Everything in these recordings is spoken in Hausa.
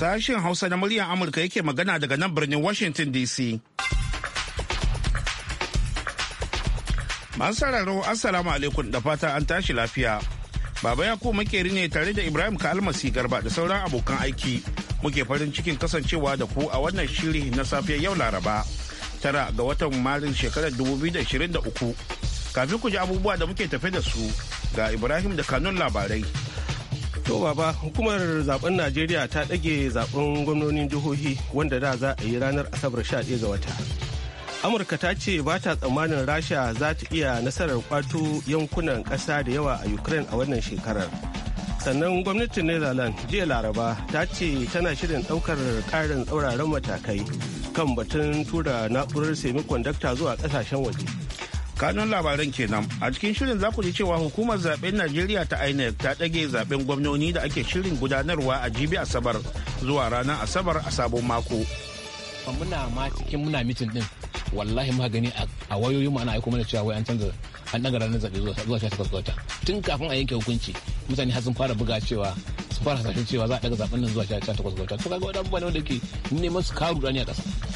Sashen Hausa na muryar Amurka yake magana daga nan birnin Washington DC. Masu sararau Assalamu alaikum da fata an tashi lafiya. Baba Yakubu makeri ne tare da Ibrahim Kalmasi Garba da sauran abokan aiki. Muke farin cikin kasancewa da ku a wannan shiri na safiyar yau Laraba. Tara ga watan Maris shekarar 2023. Kafin ku ji abubuwa da muke tafe da su ga Ibrahim da kanun labarai. To baba hukumar zaben Najeriya ta ɗage zaben gwamnonin jihohi wanda da za a yi ranar Asabar 11 ga wata. Amurka ta ce ba ta tsammanin Rasha za ta iya nasarar kwato yankunan ƙasa da yawa a Ukraine a wannan shekarar. Sannan gwamnatin Netherlands jiya Laraba ta ce tana shirin ɗaukar ƙarin tsauraran matakai kan batun tura na'urar semiconductor zuwa ƙasashen waje. kanun labaran kenan a cikin shirin za ku ji cewa hukumar zaben najeriya ta inec ta ɗage zaben gwamnoni da ake shirin gudanarwa a jibi asabar zuwa ranar asabar a sabon mako muna ma cikin muna mitin din wallahi muka gani a wayoyin ana aiko mana cewa wai an canza an daga ranar zaɓe zuwa 18 ga wata tun kafin a yanke hukunci mutane har sun fara buga cewa sun fara sashen cewa za a daga zaben nan zuwa shafi ga wata to kaga wadannan bane wanda ke neman su karu rani a ƙasa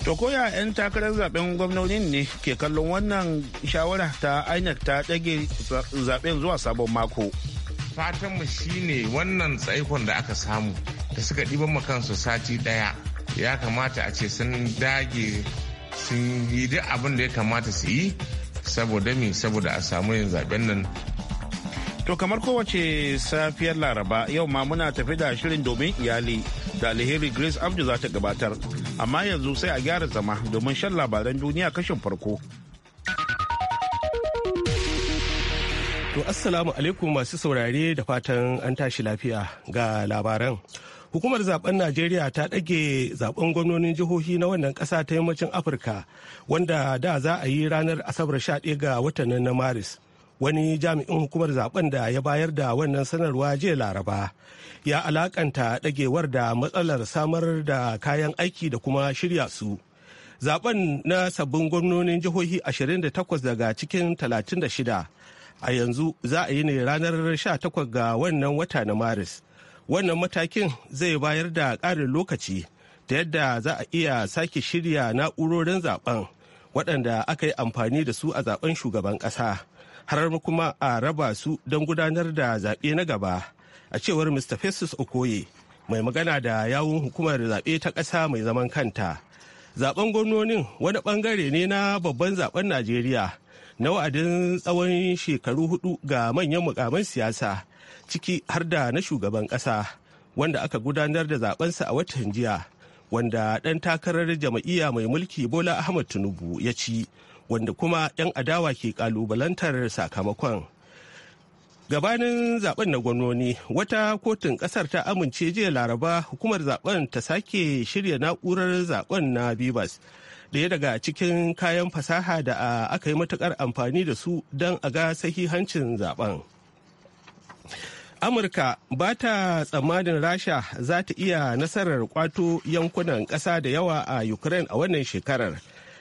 To koya 'yan takarar zaben gwamnonin ne ke kallon wannan shawara ta ainihin ta ɗage zaben zuwa sabon mako. Fatanmu shine wannan tsaikon da aka samu da suka ɗiban kansu sati ɗaya ya kamata a ce sun dage sun yi duk abin da ya kamata su yi saboda mi saboda a samu yin zaben nan. To kamar kowace safiyar Laraba yau ma muna tafi da shirin domin iyali da alheri Grace Abdu za ta gabatar. amma yanzu sai a gyara zama domin shan labaran duniya kashin farko. To assalamu alaikum masu saurare da fatan an tashi lafiya ga labaran. Hukumar zaben Najeriya ta ɗage zaben gwamnonin jihohi na wannan ƙasa ta yammacin Afirka wanda da za a yi ranar Asabar 11 ga watan na Maris. wani jami'in hukumar zaben da ya bayar da wannan sanarwa jiya laraba ya alakanta dagewar da matsalar samar da kayan aiki da kuma shirya su zaben na sabbin gwamnonin jihohi 28 daga cikin 36 a yanzu za a yi ne ranar 18 ga wannan wata na maris wannan matakin zai bayar da ƙarin lokaci ta yadda za a iya sake shirya na'urorin zaben waɗanda aka yi amfani da su a zaben shugaban ƙasa. har kuma a raba su don gudanar da zaɓe na gaba a cewar mr festus okoye mai magana da yawun hukumar zaɓe ta ƙasa mai zaman kanta zaɓen gwamnonin wani ɓangare ne na babban zaɓen najeriya na wa'adin tsawon shekaru hudu ga manyan mukaman siyasa ciki har da na shugaban ƙasa wanda aka gudanar da zaɓensa a watan jiya wanda ɗan takarar jam'iyya mai mulki bola ahmad tinubu ya ci wanda kuma 'yan adawa ke kalubalantar sakamakon gabanin zaben na gwamnoni wata kotun kasar ta amince jiya laraba hukumar zaben ta sake shirya na'urar zaben na bibas daya daga cikin kayan fasaha da aka yi matukar amfani da su don a ga sahihancin zaben amurka ba ta tsammanin rasha za ta iya nasarar kwato yankunan ƙasa da yawa a ukraine a wannan shekarar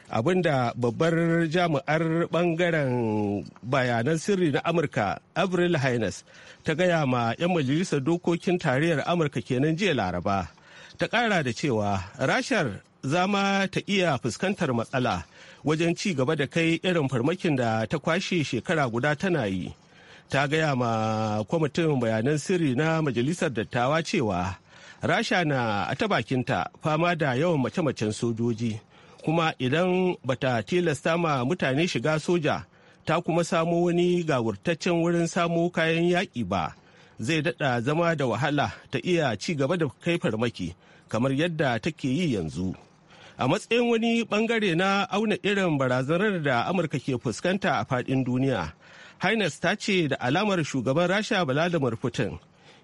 abinda babbar jami'ar bangaren bayanan sirri na amurka avril haines ta gaya ma 'yan majalisar dokokin tarayyar amurka kenan jiya laraba ta kara da cewa rashar zama ta iya fuskantar matsala wajen ci gaba da kai irin farmakin da ta kwashe shekara guda tana yi ta gaya ma kwamitin bayanan sirri na majalisar dattawa cewa rasha na ta bakinta fama da yawan mace-macen sojoji kuma idan bata tilasta ma mutane shiga soja ta kuma samo wani gawurtaccen wurin samo kayan yaƙi ba zai daɗa zama da wahala ta iya ci gaba da kai farmaki kamar yadda take yi yanzu a matsayin wani bangare na auna irin barazanar da amurka ke fuskanta a faɗin duniya hainas ta ce da alamar shugaban rasha vladimir putin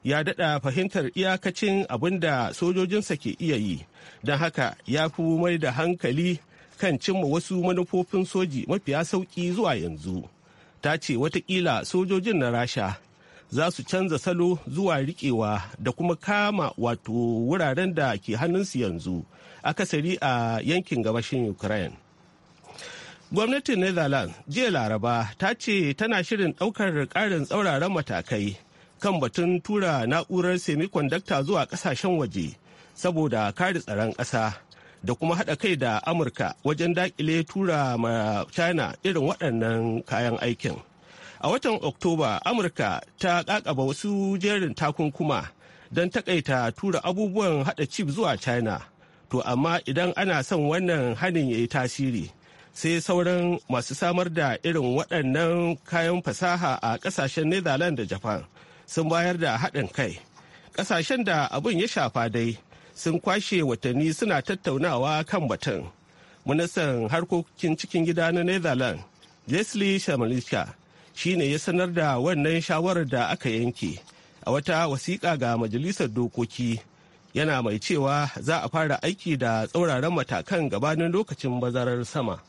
ya daɗa fahimtar iyakacin abin da sojojinsa ke iya yi don haka ya fi mai da hankali kan cimma wasu manufofin soji mafiya sauƙi zuwa yanzu ta ce watakila sojojin na rasha za su canza salo zuwa riƙewa da kuma kama wato wuraren da ke hannunsu yanzu akasari a yankin gabashin ukraine gwamnatin netherlands jiya laraba ta ce tana shirin ɗaukar ƙarin tsauraran matakai kan batun tura na'urar semiconductor zuwa kasashen waje saboda kare tsaron ƙasa da kuma haɗa kai da amurka wajen daƙile tura ma china irin waɗannan kayan aikin a watan oktoba amurka ta ƙaƙaba wasu jerin takunkuma don taƙaita tura abubuwan haɗa chip zuwa china to amma idan ana son wannan hanin ya yi tasiri sai sauran masu samar da irin waɗannan kayan fasaha a ƙasashen netherlands da japan sun bayar da haɗin kai ƙasashen da abin ya shafa dai sun kwashe watanni suna tattaunawa kan batun ministan harkokin cikin gida na netherlands leslie shamalika shi ne ya sanar da wannan shawarar da aka yanke a wata wasiƙa ga majalisar dokoki yana mai cewa za a fara aiki da tsauraran matakan gabanin lokacin bazarar sama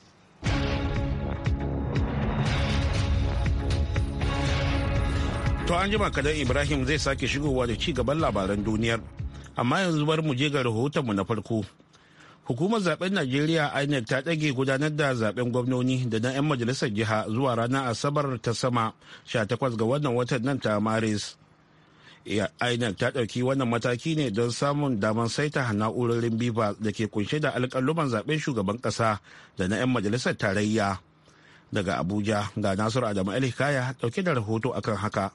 To an jima kadan Ibrahim zai sake shigowa da ci gaban labaran duniyar. Amma yanzu bar mu je ga rahoton mu na farko. Hukumar zaben Najeriya INEC ta ɗage gudanar da zaben gwamnoni da na 'yan majalisar jiha zuwa ranar Asabar ta sama 18 ga wannan watan nan ta Maris. INEC ta ɗauki wannan mataki ne don samun damar saita na'urorin biba da ke kunshe da alƙaluman zaben shugaban ƙasa da na 'yan majalisar tarayya. Daga Abuja ga Nasiru Adamu Alikaya ɗauke da rahoto akan haka.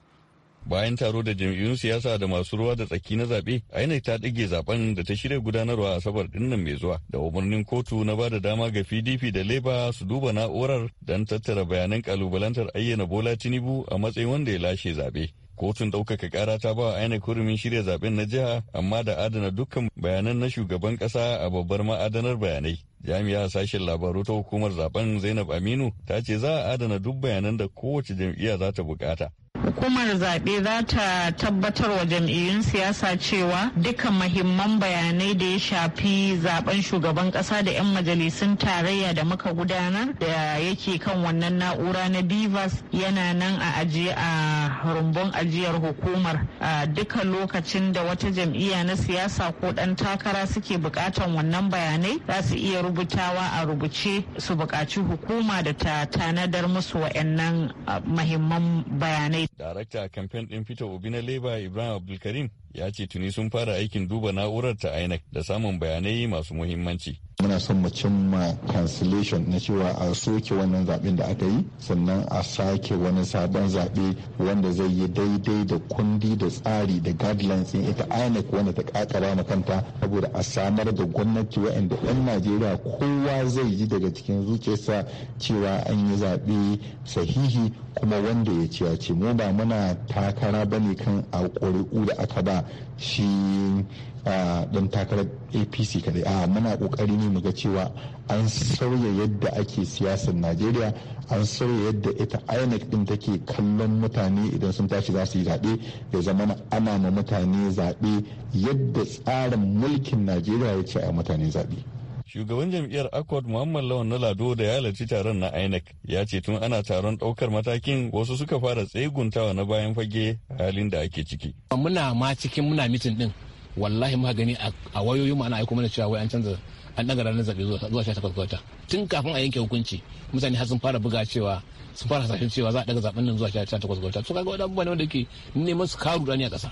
bayan taro da jam'iyyun siyasa da masu ruwa da tsaki na zaɓe inec ta ɗige zaben da ta shirya gudanarwa a ɗin nan mai zuwa da umarnin kotu na ba da dama ga pdp da leba su duba na'urar don tattara bayanan kalubalantar ayyana bola tinubu a matsayin wanda ya lashe zaɓe kotun ɗaukaka ƙara ta ba inec hurumin shirya zaben na jiha amma da adana dukkan bayanan na shugaban ƙasa a babbar ma'adanar bayanai jami'a sashen labaru ta hukumar zaben zainab aminu ta ce za a adana duk bayanan da kowace jam'iyya za ta bukata hukumar zaɓe za ta tabbatar wa jam'iyyun siyasa cewa duka mahimman bayanai da ya shafi zaben shugaban ƙasa da 'yan majalisun tarayya da muka gudanar da yake kan wannan na'ura na bivas yana nan a ajiye a rumbun ajiyar hukumar a dukkan lokacin da wata jam'iyya na siyasa ko ɗan takara suke bukatan wannan bayanai za su iya rubutawa a rubuce su bukaci hukuma da ta tanadar musu wa'annan mahimman bayanai Darakta kamfen ɗin Peter Obi na Labour Ibrahim Abdulkarim ya ce tuni sun fara aikin duba na'urar ta INEC da samun bayanai masu muhimmanci. Muna son mu cimma cancellation na cewa a soke wannan zaɓen da aka yi sannan a sake wani sabon zaɓe wanda zai yi daidai da kundi da tsari da guidelines ɗin ita INEC wanda ta kakara ma kanta saboda a samar da gwamnati waɗanda 'yan Najeriya kowa zai yi daga cikin zuciyarsa cewa an yi zaɓe sahihi kuma wanda ya ciyace mu ba muna takara bane kan a ƙuri'u da aka ba shi dan takarar apc kadai a muna kokari ne muga cewa an sauya yadda ake siyasar najeriya an sauya yadda ita inec din take kallon mutane idan sun tashi za su yi zaɓe ya zama ana ma mutane zaɓe yadda tsarin mulkin najeriya ya ce a mutane zaɓe Shugaban jam'iyyar Accord Muhammad Lawan na Lado da ya halarci taron na INEC ya ce tun ana taron daukar matakin wasu suka fara tseguntawa na bayan fage halin da ake ciki. Muna ma cikin muna mitin din wallahi muka gani a wayoyin mu ana aiko mana cewa wai an canza an daga ranar zaɓe zuwa sha takwas wata tun kafin a yanke hukunci mutane har sun fara buga cewa sun fara hasashen cewa za a daga zaɓen nan zuwa sha takwas wata to kaga wani abubuwa ne wanda ke neman su karu rani a ƙasa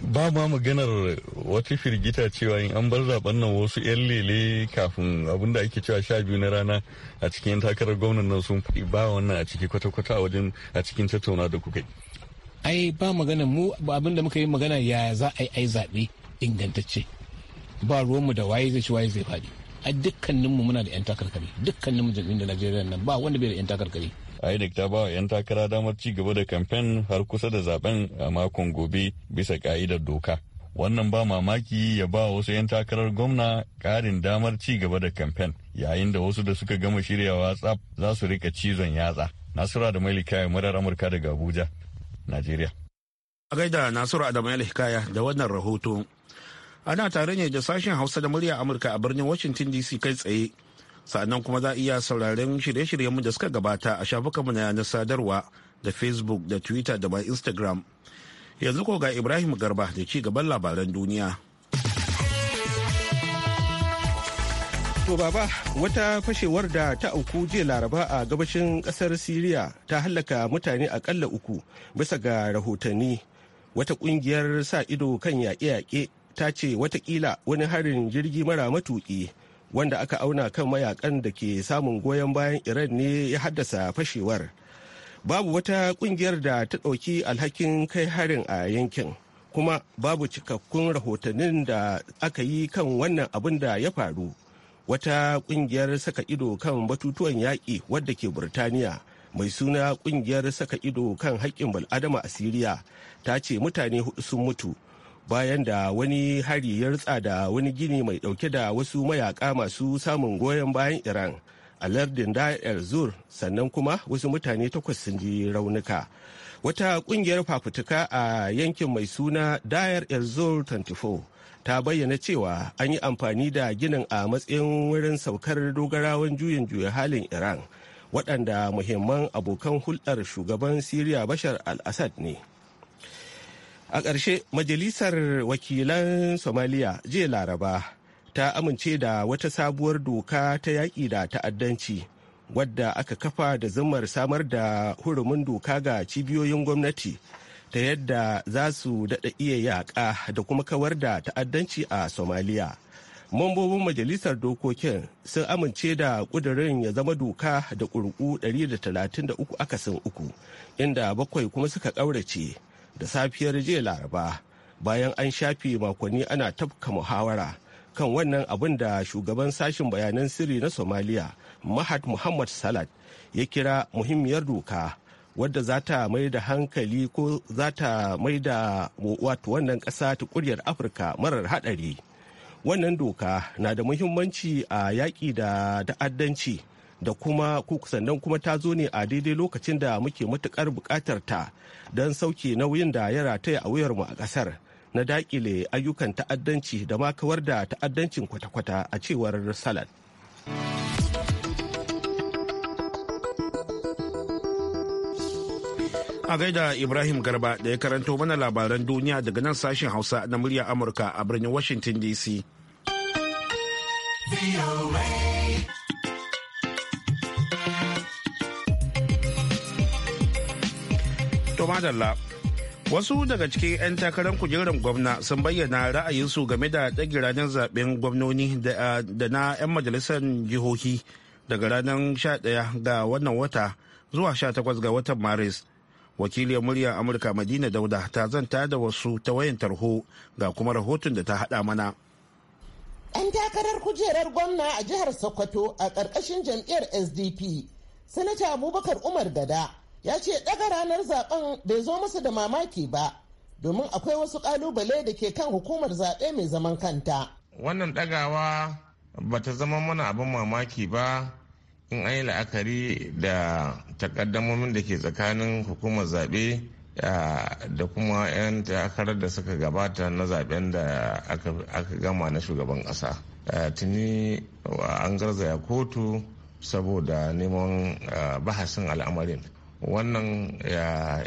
ba ma maganar wata firgita cewa in an bar zaben nan wasu 'yan lele kafin abin da ake cewa sha biyu na rana a cikin takarar gwamnan nan sun faɗi ba wannan a ciki kwata-kwata a wajen a cikin tattauna da kuka yi. ai ba magana mu abin da muka yi magana ya za a yi ai zaɓe ingantacce ba ruwanmu da waye zai ci waye zai faɗi a dukkaninmu muna da 'yan takarkari dukkaninmu jam'iyyun da najeriya nan ba wanda bai da 'yan takarkari INEC ta ba wa 'yan takara damar ci gaba da kamfen har kusa da zaben a makon gobe bisa ka'idar doka. Wannan ba mamaki ya ba wasu 'yan takarar gwamna ƙarin damar ci gaba da kamfen yayin da wasu da suka gama shiryawa tsaf za su rika cizon yatsa. Nasura da likaya murar Amurka daga Abuja, Najeriya. A gaida Nasura da likaya da wannan rahoto. Ana tare ne da sashen Hausa da murya Amurka a birnin Washington DC kai tsaye. sa'annan kuma za a iya sauraren shirye-shiryenmu shiryen da suka gabata a shafukanmu na yanar sadarwa da facebook da twitter da ma instagram yanzu ko ga ibrahim garba da ci gaban labaran duniya to baba wata fashewar da ta auku jiya laraba a gabashin kasar siriya ta hallaka mutane akalla uku bisa ga rahotanni wata kungiyar sa ido kan yaƙe-yaƙe ta ce watakila wani harin jirgi mara matuƙi wanda aka auna kan mayakan da ke samun goyon bayan iran ne ya haddasa fashewar babu wata kungiyar da ta ɗauki alhakin kai harin a yankin kuma babu cikakkun rahotannin da aka yi kan wannan abin da ya faru wata kungiyar saka ido kan batutuwan yaƙi wadda ke burtaniya mai suna kungiyar saka ido kan haƙƙin bal'adama a siriya ta ce mutane hudu sun mutu bayan da wani hari ya rutsa da wani gini mai dauke da wasu mayaka masu samun goyon bayan iran a lardin da zur sannan kuma wasu mutane takwas sun ji raunuka wata kungiyar fafutuka a yankin mai suna dayar erzur 24 ta bayyana cewa an yi amfani da ginin a matsayin wurin saukar dogarawan juyin juya halin iran waɗanda muhimman abokan hulɗar shugaban siriya bashar al-assad ne a ƙarshe majalisar wakilan somaliya jiya laraba ta amince da wata sabuwar doka ta yaƙi da ta'addanci wadda aka kafa da zumar samar da hurumin doka ga cibiyoyin gwamnati ta yadda za su daɗa iya yaƙa da kuma kawar da ta'addanci a somaliya mambobin majalisar dokokin sun amince da ƙudurin ya zama doka da ƙuri'u 133 akasin uku inda bakwai kuma suka ƙaurace da safiyar jiya laraba bayan an shafe makonni ana tafka muhawara kan wannan abin da shugaban sashen bayanan sirri na somaliya mahat muhammad salat ya kira muhimmiyar doka wadda za ta mai da hankali ko za ta mai da wato wannan ƙasa ta kuryar afirka marar haɗari wannan doka na da muhimmanci a yaƙi da ta'addanci da kuma sannan kuma ta zo ne a daidai lokacin da muke matukar bukatar ta don sauke nauyin da ya rataya a mu a kasar na dakile ayyukan ta'addanci da ma kawar da ta'addancin kwata-kwata a cewar salad a gaida ibrahim garba da ya karanto mana labaran duniya daga nan sashen hausa na murya amurka a birnin washington dc madalla. Wasu daga cikin 'yan takarar kujerar gwamna sun bayyana ra'ayinsu game da ɗage ranar zaben gwamnoni da na 'yan majalisar jihohi daga ranar 11 ga wannan wata zuwa 18 ga watan Maris. Wakiliyar muryar Amurka Madina Dauda ta zanta da wasu ta wayan tarho ga kuma rahoton da ta haɗa mana. 'Yan takarar kujerar gwamna a jihar Sokoto a ƙarƙashin jam'iyyar SDP, Sanata Abubakar Umar Gada ya ce ɗaga ranar zaben bai zo masa da mamaki ba domin akwai wasu ƙalubale da ke kan hukumar zaɓe mai zaman kanta. Wannan ɗagawa ba ta zama mana abin mamaki ba in an yi la'akari da takaddamomin da ke tsakanin hukumar zaɓe da kuma 'yan takarar da suka gabata na zaɓen da aka gama na shugaban ƙasa. Tuni an garzaya kotu saboda neman bahasin al'amarin. wannan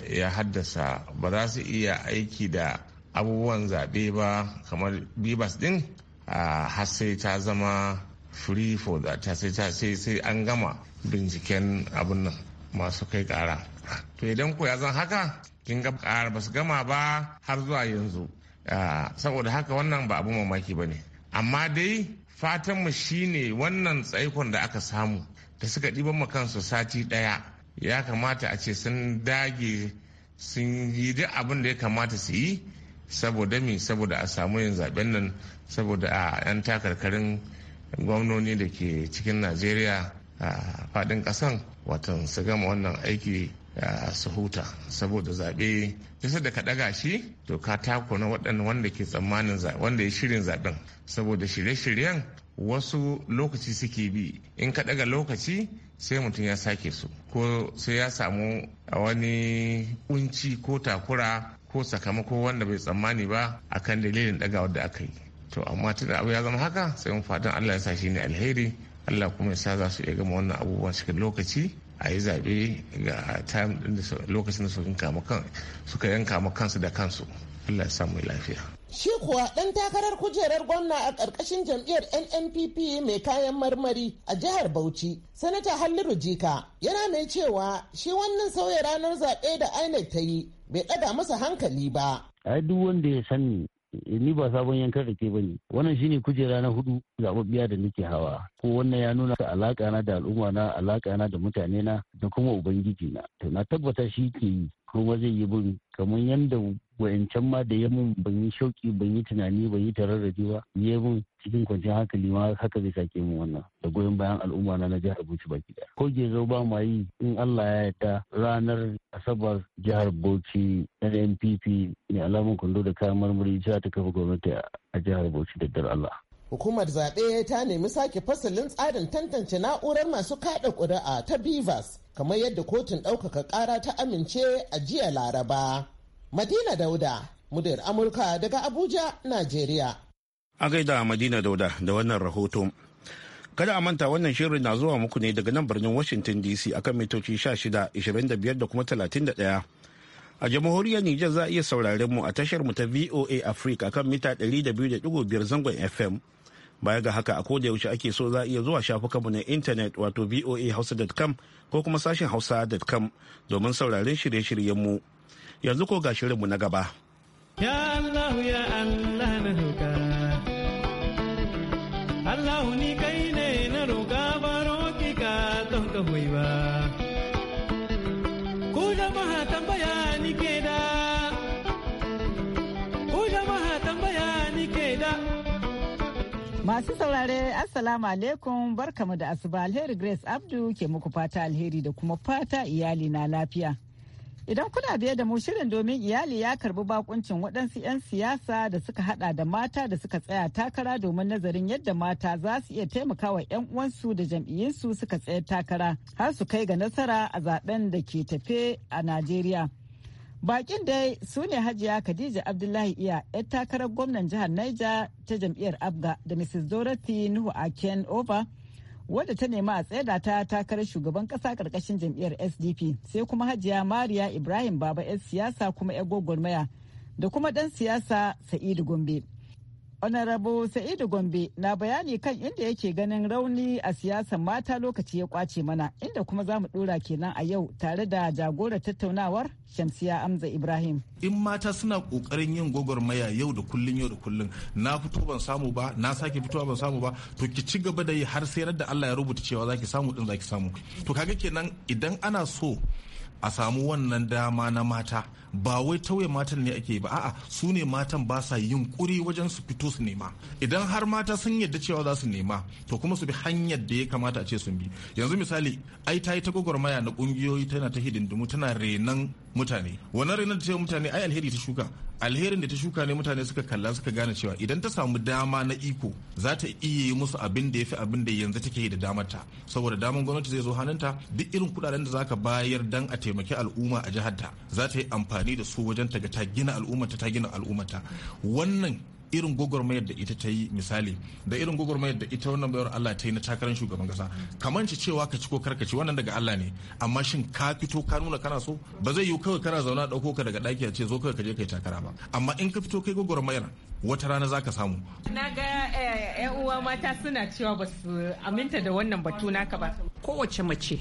ya haddasa ba za su iya aiki da abubuwan zaɓe ba kamar bibas din har sai ta zama free for that sai ta sai sai an gama binciken abin nan masu kai kara to idan ko ya zan haka kin ga ba su gama ba har zuwa yanzu saboda haka wannan ba abun mamaki ba ne amma dai fatanmu shine wannan tsaikon da aka samu da suka ɗiban kansu sati ɗaya ya kamata a ce sun dage sun yi duk abin da ya kamata su yi saboda mi saboda a samu yin zaben nan saboda a 'yan takarkarin gwamnoni da ke cikin najeriya a fadin kasan watan su gama wannan aiki su huta saboda zaɓe bisa da ka ɗaga shi to ka tako na waɗanda wanda ke tsammanin wanda ya shirin zaɓen saboda shirye-shiryen wasu lokaci suke bi in ka daga lokaci sai mutum ya sake su ko sai ya samu a wani kunci ko takura ko sakamako wanda bai tsammani ba akan dalilin dagawar da aka yi to amma tun abu ya zama haka sai mun fatan allah ya sa shi ne alheri allah kuma ya sa za su iya gama wannan abubuwa cikin lokaci a yi zaɓe ga lokacin da suka yanka kansu da kansu allah ya samu lafiya Shi kuwa ɗan takarar kujerar gwamna a ƙarƙashin jam'iyyar NNPP mai kayan marmari a jihar Bauchi, Sanata Halliru Jika, yana mai cewa shi wannan sauya ranar zaɓe da INEC ta yi bai ɗaga masa hankali ba. Ai duk wanda ya sani ni ba sabon yankar da ke ba ne wannan shine kujera na hudu zababbiya da nake hawa ko wannan ya nuna ka alaka na da al'umma na alaƙa na da mutane na da kuma ubangiji na to na tabbata shi ke yi kuma zai yi bin kamar yadda wa'ancan ma da ya mun ban yi shauki ban yi tunani ban yi tararraji ba ya mun cikin kwanciyar hankali ma haka zai sake mu wannan da goyon bayan al'umma na jihar Bauchi baki daya. Ko zo ba ma yi in Allah ya yarda ranar Asabar jihar Bauchi NNPP ne alamun kwando da kayan marmari za ta kafa gwamnati a jihar Bauchi da dar Allah. hukumar zaɓe ta nemi sake fasalin tsarin tantance na'urar masu kaɗa ƙuri'a ta bivas kamar yadda kotun ɗaukaka ƙara ta amince a jiya laraba Madina Dauda, muryar Amurka daga Abuja, Najeriya. A gaida Madina Dauda da wannan rahoto. Kada a manta wannan shirin na zuwa muku ne daga nan birnin Washington DC akan mitoci 16, da kuma 31. a jamhuriyar Nijar za a iya sauraren mu a tashar mu ta VOA Africa akan mita 200.5 zangon FM. Baya ga haka a koda yaushe ake so za a iya zuwa mu na intanet wato voa voahausa.com ko kuma sashen hausa.com domin sauraren shirye-shiryen mu. yanzu ko ga shirinmu na gaba ya allah ya allah na roka allah ni kai ne na roka ba roƙi ka don ka hoyi ba ku jama'a tambaya ni ke da ku jama'a tambaya ni ke da Masu saurare Assalamu alaikum barkamu da asuba alheri Grace Abdu ke muku fata alheri da kuma fata iyali na lafiya. Idan kuna biye da mu shirin domin iyali ya karbi bakuncin waɗansu 'yan siyasa da suka haɗa da mata da suka tsaya takara domin nazarin yadda mata za su iya taimakawa 'yan uwansu da jam'iyyinsu suka tsaya takara har su kai ga nasara a zaben da ke tafe a Najeriya. Bakin dai su ne Hajiya Khadija Abdullahi Iya, 'yar takarar gwamnan jihar Niger ta jam'iyyar Abga da Mrs. Dorothy Nuhu Aken Over. wadda ta nema a tsaida ta takarar shugaban kasa karkashin jam'iyyar sdp sai kuma hajiya mariya ibrahim baba yar siyasa kuma 'yan gwagwarmaya da kuma ɗan siyasa sa'idu gombe Honorable Sa'idu Gombe na bayani kan inda yake ganin rauni a siyasar mata lokaci ya kwace mana inda kuma za mu dora kenan a yau tare da jagorar tattaunawar Shamsiya Amza Ibrahim. In mata suna kokarin yin gwagwarmaya yau da kullun yau da kullun na fito ban samu ba na sake fitowa ban samu ba to ki ci gaba da yi har sai da Allah ya rubuta cewa zaki samu din zaki samu. To kaga kenan idan ana so a samu wannan dama na mata ba wai tauye matan ne ake ba a'a su ne matan ba sa yin kuri wajen su fito su nema idan har mata sun yadda cewa za su nema to kuma su bi hanyar da ya kamata a ce sun bi yanzu misali ai ta yi ta gwagwarmaya na kungiyoyi tana ta hidindimu tana renan mutane wannan rainar ta mutane ai alheri ta shuka alherin da ta shuka ne mutane suka kalla suka gane cewa idan ta samu dama na iko za ta iya yi musu abin da ya fi abin da yanzu take yi da damar ta saboda damar gwamnati zai zo hannunta duk irin kudaden da zaka bayar dan a taimaki al'umma a jihar ta za ta yi amfani da su wajen ta ga ta gina al'umma ta gina al'ummata wannan irin gwagwarmayar da ita ta yi misali da irin gwagwarmayar da ita wannan bayar Allah ta yi na takarar shugaban kasa kamanci cewa ka ci ko karkaci wannan daga Allah ne amma shin ka fito ka nuna kana so ba zai yiwu kawai kana zauna dauko ka daga daki a ce zo kawai ka je kai takara ba amma in ka fito kai gwagwarmayar wata rana zaka samu na ga yan eh, uwa mata suna cewa ba su aminta da wannan batu naka ba kowace mace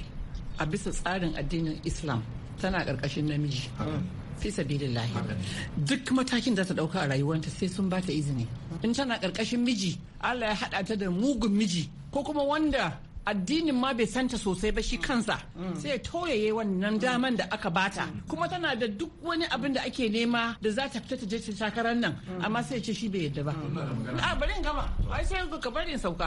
a bisa tsarin addinin Islam tana ƙarƙashin namiji fi sabilillahi duk matakin da ta dauka a rayuwarta sai sun ba ta izini in tana karkashin miji Allah ya hada ta da mugun miji ko kuma wanda addinin ma bai santa sosai ba shi kansa sai ya toyaye wannan daman da aka bata kuma tana da duk wani abin da ake nema da za ta fita ta je ta takarar nan amma sai ce shi bai yadda ba a bari gama ai sai ka bari sauka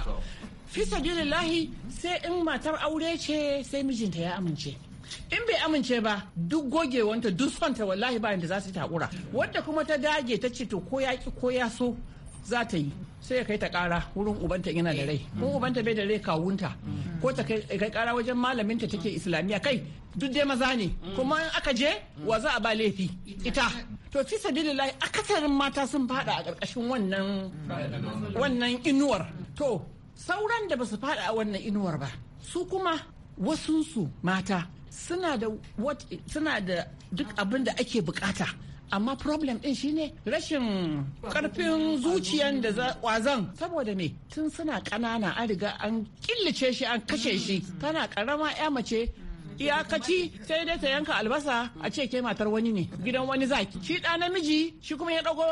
fi sabilillahi sai in matar aure ce sai mijinta ya amince in bai amince ba duk gogewanta duk sonta wallahi bayan da za su yi takura wadda kuma ta dage ta ce to ko ya ki ko ya so za ta yi sai ya kai ta kara wurin ubanta yana da rai ko ubanta bai da rai kawunta ko ta kai kara wajen malaminta take islamiyya kai duk dai maza ne kuma in aka je wa za a ba laifi ita to fi sabilillahi akasarin mata sun fada a karkashin wannan wannan inuwar to sauran da ba su fada a wannan inuwar ba su kuma wasunsu mata suna da suna da duk abin da ake bukata amma problem din shine rashin karfin zuciyan da wazan saboda me tun suna kanana an riga an killace shi an kashe shi tana karama ya mace iyakaci sai dai ta yanka albasa a ce ke matar wani ne gidan wani zaki shi da namiji shi kuma ya ɗauko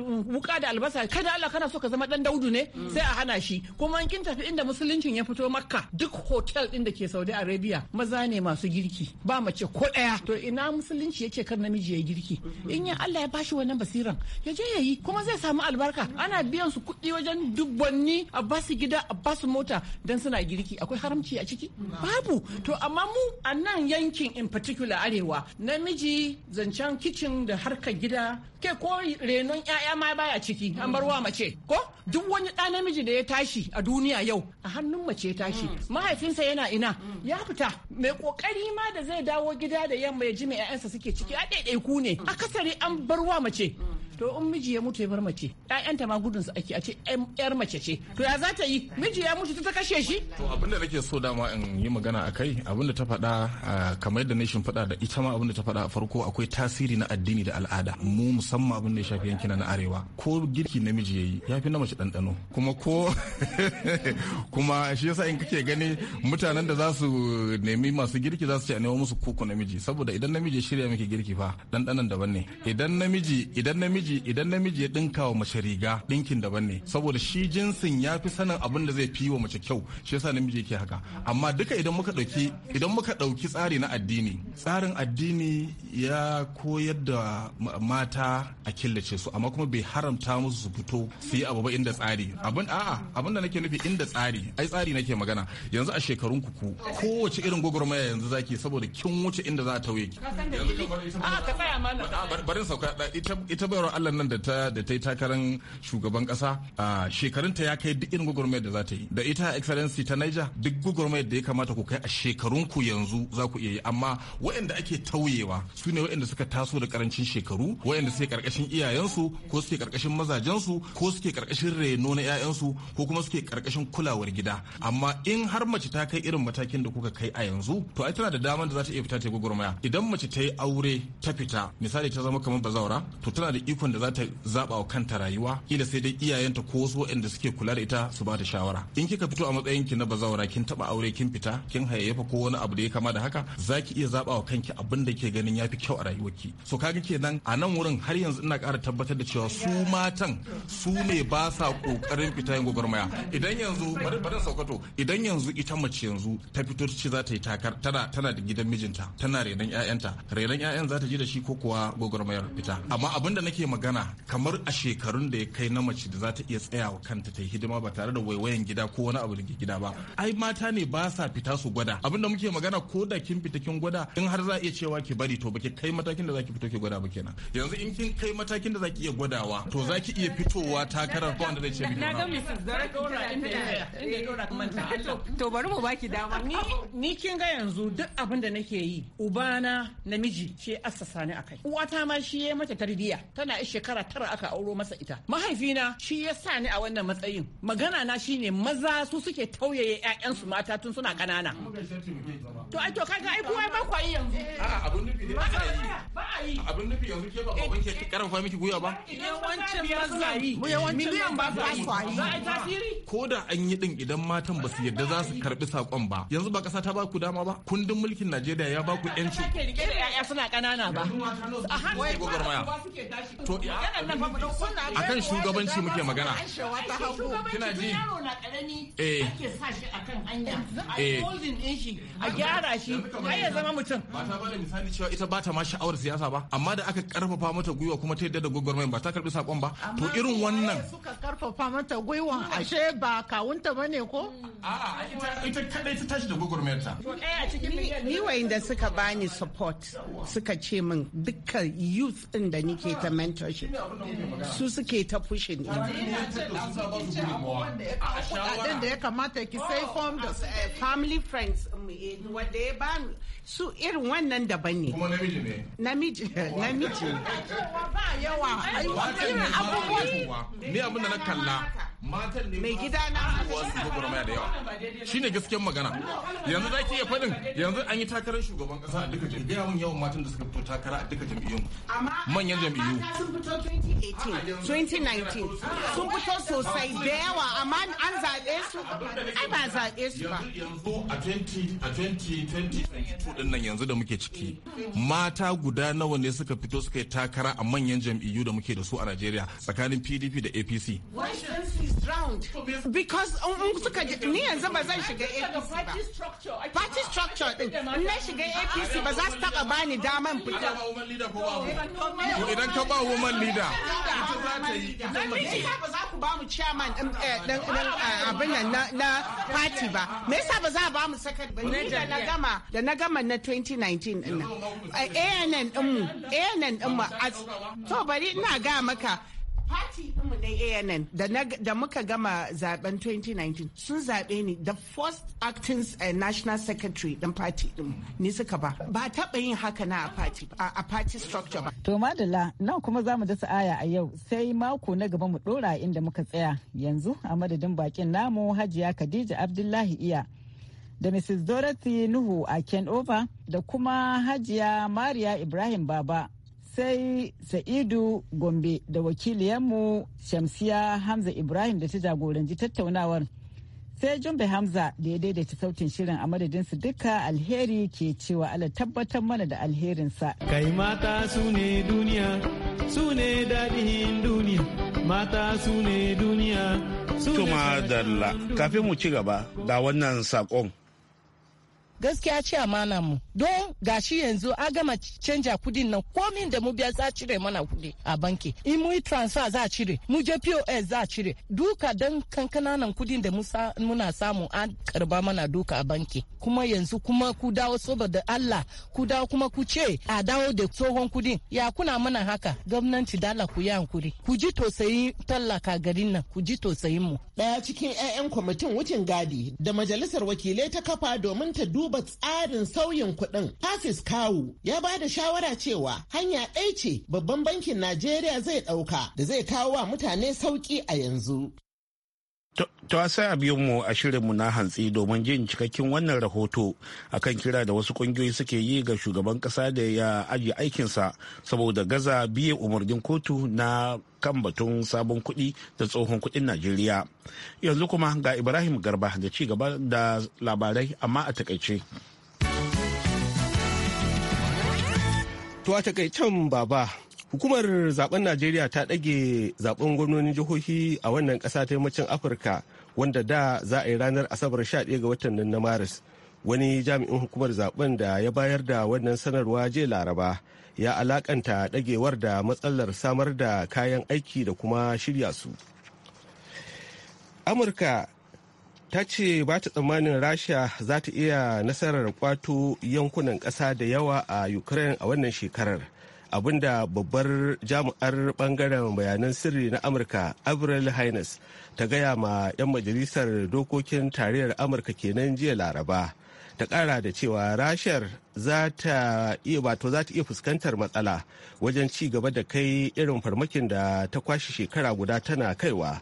uh, wuka da albasa kada Allah kana so ka zama dan daudu ne sai a hana shi kuma in kin tafi inda musuluncin ya fito makka duk hotel din da ke Saudi Arabia maza ne masu girki ba mace ko daya to ina musulunci yake kar namiji ya girki in ya Allah ya bashi wannan basiran ya je yayi kuma zai samu albarka ana biyan su kuɗi wajen dubbanni a basu gida a basu mota dan suna girki akwai haramci a ciki babu to amma mu a nan yankin in particular arewa namiji zancen kicin da harkar gida ke ko renon 'ya'ya ma baya ciki an barwa mace ko duk wani ɗa namiji da ya tashi a duniya yau a hannun mace ya tashi mm. mahaifinsa yana ina mm. ya fita mai kokari ma da zai dawo gida da yamma ya ji mai 'ya'yansa suke ciki a ɗaiɗaiku ne mm. akasari an bar wa mace to in miji ya mutu ya bar mace ƴaƴanta ma gudun su ake a ce ƴar mace ce to ya za ta yi miji ya mutu ta kashe shi to abinda nake so dama in yi magana akai abinda ta faɗa kamar yadda nation faɗa da ita ma abinda ta faɗa a farko akwai tasiri na addini da al'ada mu musamman abin da ya shafi yankina na arewa ko girki namiji yayi ya fi na mace ɗanɗano kuma ko kuma shi yasa in kake gani mutanen da za su nemi masu girki za su ce a nemo musu koko namiji saboda idan namiji ya shirya miki girki fa ɗanɗanon daban ne idan namiji idan namiji namiji idan namiji ya dinka wa mace riga dinkin daban ne saboda shi jinsin ya fi sanin abin da zai fi wa mace kyau shi yasa namiji yake haka amma duka idan muka dauki idan muka dauki tsari na addini tsarin addini ya koyar da mata a killace su amma kuma bai haramta musu su fito su yi abu ba inda tsari abin a'a abin da nake nufi inda tsari ai tsari nake magana yanzu a shekarun ku kowace irin gwagwarmaya yanzu zaki saboda kin wuce inda za a tauye ki ah, barin sauka ita bayarwa Allah nan da ta da ta yi takarar shugaban kasa a shekarunta ya kai duk irin gwagwarmayar da za ta yi da ita excellency ta Niger duk gwagwarmayar da ya kamata ku kai a shekarun ku yanzu za ku iya yi amma waɗanda ake tauyewa su ne waɗanda suka taso da karancin shekaru waɗanda suke karkashin iyayensu ko suke karkashin mazajensu ko suke karkashin reno na 'ya'yansu ko kuma suke karkashin kulawar gida amma in har mace ta kai irin matakin da kuka kai a yanzu to ai tana da damar da za ta iya fita ta yi idan mace ta yi aure ta fita misali ta zama kamar bazaura to tana da ikon abin da za ta zaba wa kanta rayuwa kila sai dai iyayenta ko wasu waɗanda suke kula da ita su ba ta shawara in kika fito a matsayin ki na bazawara kin taba aure kin fita kin hayayyafa ko wani abu da ya kama da haka Za ki iya zaba wa kanki abin da ke ganin yafi kyau a rayuwarki so kaga kenan a nan wurin har yanzu ina ƙara tabbatar da cewa su matan su ne ba sa ƙoƙarin fita yin gwagwarmaya idan yanzu bari bari saukato idan yanzu ita mace yanzu ta fito ce za ta yi takar tana tana da gidan mijinta tana renon 'ya'yanta renon 'ya'yan za ta ji da shi ko kuwa gwagwarmayar fita amma abin da nake magana kamar a shekarun da ya kai na mace da za ta iya tsayawa kanta ta yi hidima ba tare da waiwayan gida ko wani abu da gida ba ai mata ne ba sa fita su gwada abinda muke magana ko da kin fita kin gwada in har za a iya cewa ki bari to ki kai matakin da za ki fito ki gwada ba kenan yanzu in kin kai matakin da za ki iya gwadawa to za ki iya fitowa takarar ko wanda zai ce miki na ga to bari mu baki dama ni ni kin ga yanzu duk abin da nake yi ubana namiji ce assasa ni akai uwata ma shi ya mata tarbiya tana ya shekara tara aka auro masa ita mahaifina shi ya sa ni a wannan matsayin magana na shine maza su suke tauyaye ƴaƴansu mata tun suna ƙanana to ai to kaga ai kowa ba kwai yanzu a abun nufi ne ba a yi abun nufi yanzu ke ba baban ke fa miki guya ba yawancin maza yi miliyan ba su kwai za a tasiri ko da an yi din idan matan ba su yadda za su karbi sakon ba yanzu ba kasa ta ba ku dama ba kundin mulkin Najeriya ya ba ku yanci ke rike da ƴaƴa suna ƙanana ba a hannu ba suke tashi to akan shugabanci muke magana kina ji yaro na eh. ake sa shi akan hanya a holding eh. din shi a gyara shi ai ya zama mutum ba ta bada misali cewa ita ba ta ma sha'awar siyasa ba amma da aka karfafa mata gwiwa kuma ta yadda da gwagwarmai ba ta karbi sakon ba to irin wannan suka karfafa mata gwiwa ashe ba kawunta bane ko a'a ita kadai ta tashi da gwagwarmayar ta ni da suka bani support suka ce min dukkan youth din da nike ta mentor tashin su suke ta fushin din kudaden da ya kamata ki sai oh, form da eh, family friends um, eh, wanda ya bani su irin wannan daban ne namiji namiji eh, ba yawa ni abin da na kalla matan ne mai gida na wasu gwagwarmaya da yawa shine gaskiyar magana yanzu za ki iya faɗin yanzu an yi takarar shugaban kasa a duka jam'iyyar yawan yawan matan da suka fito takara a duka jam'iyyun manyan jam'iyyu sun fito 2019 sun fito sosai da yawa amma an zaɓe su ai ba zaɓe su ba yanzu a 2022 din nan yanzu da muke ciki mata guda nawa ne suka fito suka yi takara a manyan jam'iyyu da muke da su a Najeriya tsakanin PDP da APC is Because in suka ni yanzu ba zan shiga APC ba. Party structure din. In na shiga APC ba za su taba bani daman fita. To idan ka ba woman leader. Ita za ta yi. ba za ku ba mu chairman um, eh, din eh, abin nan na party ba? Me yasa ba za a ba mu secretary ba? Ni da na gama da na gama na 2019 din nan. ANN eh, din mu, ANN din mu. To bari ina ga maka party mu na ANN da muka gama zaben 2019 sun zaɓe ni the first acting eh, national secretary ɗin party din ni suka ba ba taɓa yin haka na a party a party structure ba. To madalla nan kuma zamu da dasa aya a yau sai mako na gaba mu ɗora inda muka tsaya yanzu a madadin bakin namu Hajiya Khadija Abdullahi Iya. da Mrs. Dorothy Nuhu a Kenova da kuma Hajiya Mariya Ibrahim Baba sai sa'idu gombe da wakiliyanmu shamsiya hamza ibrahim da ta jagoranci tattaunawar sai jumbe hamza da ya daidaita sautin shirin a madadinsu duka alheri ke cewa ala tabbatar mana da alherinsa kai mata su ne duniya su ne daɗin duniya mata su ne duniya su ne kafin mu ci gaba da wannan sakon. gaskiya ce amana mu don gashi yanzu a gama canja kudin nan komin da mu biya za cire mana kudi a banki in mu transfer za cire mu je pos za cire duka dan kankananan kudin da muna samu an karba mana duka a banki kuma yanzu kuma ku dawo saboda allah ku dawo kuma ku ce a dawo da tsohon kudin ya kuna mana haka gwamnati dala ku yi hankuri ku ji tausayin tallaka garin nan ku ji tausayin mu daya cikin 'ya'yan kwamitin wucin gadi da majalisar wakilai ta kafa domin ta duba duba tsarin sauyin kuɗin hafiz kawu ya ba da shawara cewa hanya ɗaya ce babban bankin najeriya zai ɗauka da zai kawo wa mutane sauƙi a yanzu To sai a biyo mu a shirinmu na hantsi domin jin cikakken wannan rahoto akan kira da wasu kungiyoyi suke yi ga shugaban kasa da ya ajiye aikinsa saboda gaza biye umarnin kotu na kan batun sabon kuɗi da tsohon kuɗin najeriya yanzu kuma ga ibrahim garba da ci gaba da labarai amma a takaice to a takaicen baba Hukumar zaben Najeriya ta ɗage zaben gwamnonin jihohi a wannan ƙasa ta yammacin Afirka wanda da za a yi ranar Asabar 11 ga watan nan na Maris. Wani jami'in hukumar zaben da ya bayar da wannan sanarwa jiya Laraba ya alakanta ɗagewar da matsalar samar da kayan aiki da kuma shirya su. Amurka ta ce ba ta tsammanin Rasha za ta iya nasarar kwato yankunan ƙasa da yawa a Ukraine a wannan shekarar. abinda babbar jami'ar bangaren bayanan sirri na amurka avril haines ta gaya ma 'yan majalisar dokokin tarayyar amurka kenan jiya laraba ta kara da cewa rashar za ta iya bato za ta iya fuskantar matsala wajen ci gaba da kai irin farmakin da ta kwashe shekara guda tana kaiwa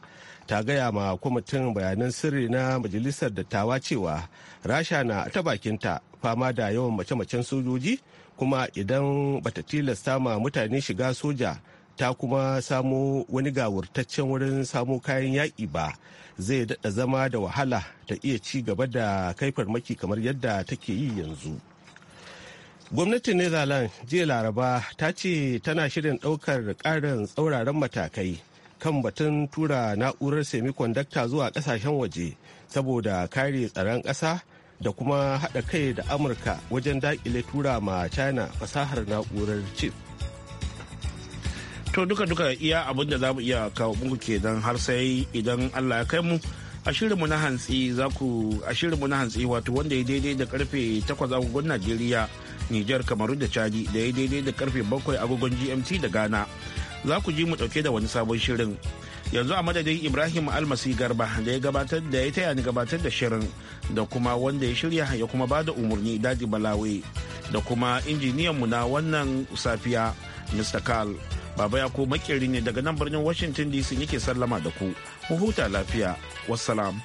ta gaya ma kwamitin bayanan sirri na majalisar dattawa cewa rasha na ta bakinta fama da yawan mace-macen sojoji kuma idan bata tilasta ma mutane shiga soja ta kuma samo wani gawurtaccen wurin samo kayan yaƙi ba zai daɗa zama da wahala ta iya ci gaba da kai farmaki kamar yadda take yi yanzu gwamnatin netherlands jiya laraba ta ce tana shirin ɗaukar ƙarin tsauraran matakai kan batun tura na'urar semiconductor zuwa ƙasashen waje saboda kare tsaron ƙasa da kuma haɗa kai da amurka wajen dakile tura ma china fasahar na'urar chip to duka-duka iya abinda da za mu iya kawo muku kenan har sai idan allah ya kai mu a shirinmu na hantsi za ku a shirinmu na hantsi wato wanda ya daidai da karfe 8 agogon najeriya nijar kamaru da chadi da ya daidai da karfe 7 agogon gmt da ghana za ku ji mu dauke da wani sabon shirin yanzu a madadin ibrahim almasi garba da ya gabatar da ya taya ni gabatar da shirin da kuma wanda ya shirya ya kuma ba da umarni daji balawe da kuma injiniyan mu na wannan safiya mr carl baba ya ko makeri ne daga nan birnin washington dc yake sallama da ku mu huta lafiya wassalam